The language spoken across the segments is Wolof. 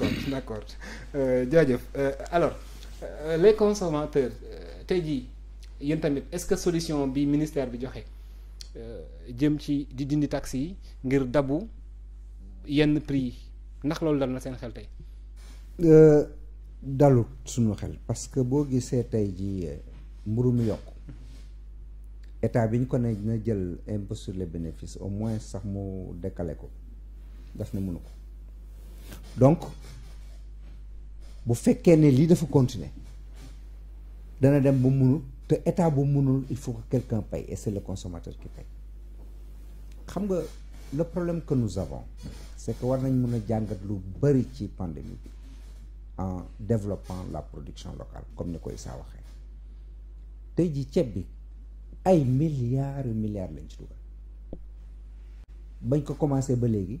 d'accord d'accord euh, jaajëf euh, alors euh, les consommateurs tey jii yéen tamit est-ce que solution bi ministère bi joxe jëm ci di dindi taxi yi ngir dabu yenn prix yi ndax la dal na seen xel tey. dalut xel parce que boo gisee tey jii mburu mu yokk état bi ñu ko ne dina jël impôt sur les bénéfices au moins sax mu décalé ko daf na mënu ko donc bu fekkee ne lii dafa continuer dana dem ba munul te état bu mënul il faut que quelqu'un paye et c'est le consommateur qui paye xam nga le problème que nous avons c'est que war nañ mën a jàngat lu bari ci pandémie en développant la production locale comme ni koy saa waxee tey ji ceeb bi ay milliards milliards lañ ci dugal bañ ko commencé ba léegi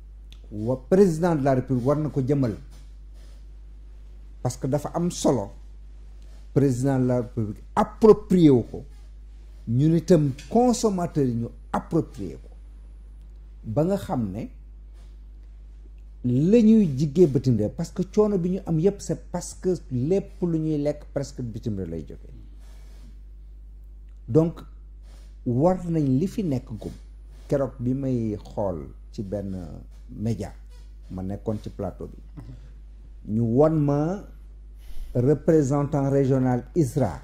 wa président de la république war na ko jëmal parce que dafa am solo président de la république approprié wu ko ñun itam consommateur yi ñu approprié ko ba nga xam ne la ñuy jigee bitim réew parce que coono bi ñu am yépp c'est parce que lépp lu ñuy lekk presque bitim réew lay jóge donc war nañ li fi nekk gum keroog bi may xol ci ben média ma nekkoon ci plateau bi ñu won ma représentant régional ISRA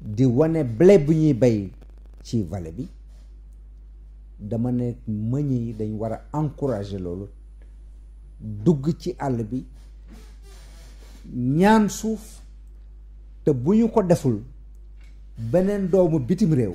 di woné blé bu ñuy bay ci vallée bi dama né mañi dañ wara encourager lolu dugg ci all bi ñaan suuf te buñu ko deful benen doomu bitim réew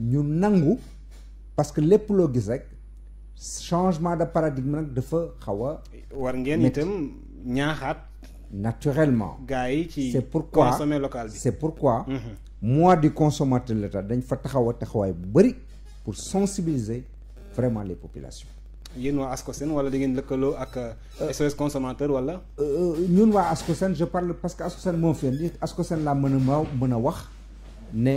ñu nangu parce que lepp lo gis rek changement de paradigme nak dafa xawa war ngeen itam ñaaxat naturellement. gars ci c'est pourquoi consommer local c'est pourquoi. Mhm. moi du consommateur de l'État dañ fa taxaw taxaway bu bari pour sensibiliser vraiment les populations. Yéno waa ASCOSEN wala da ngeen lëkkaloo ak. SOS euh, euh, consommateur wala. Euh, ñun waa ASCOSEN je parle parce que ASCOSEN moo fi indi ASCOSEN laa mën a wax ne.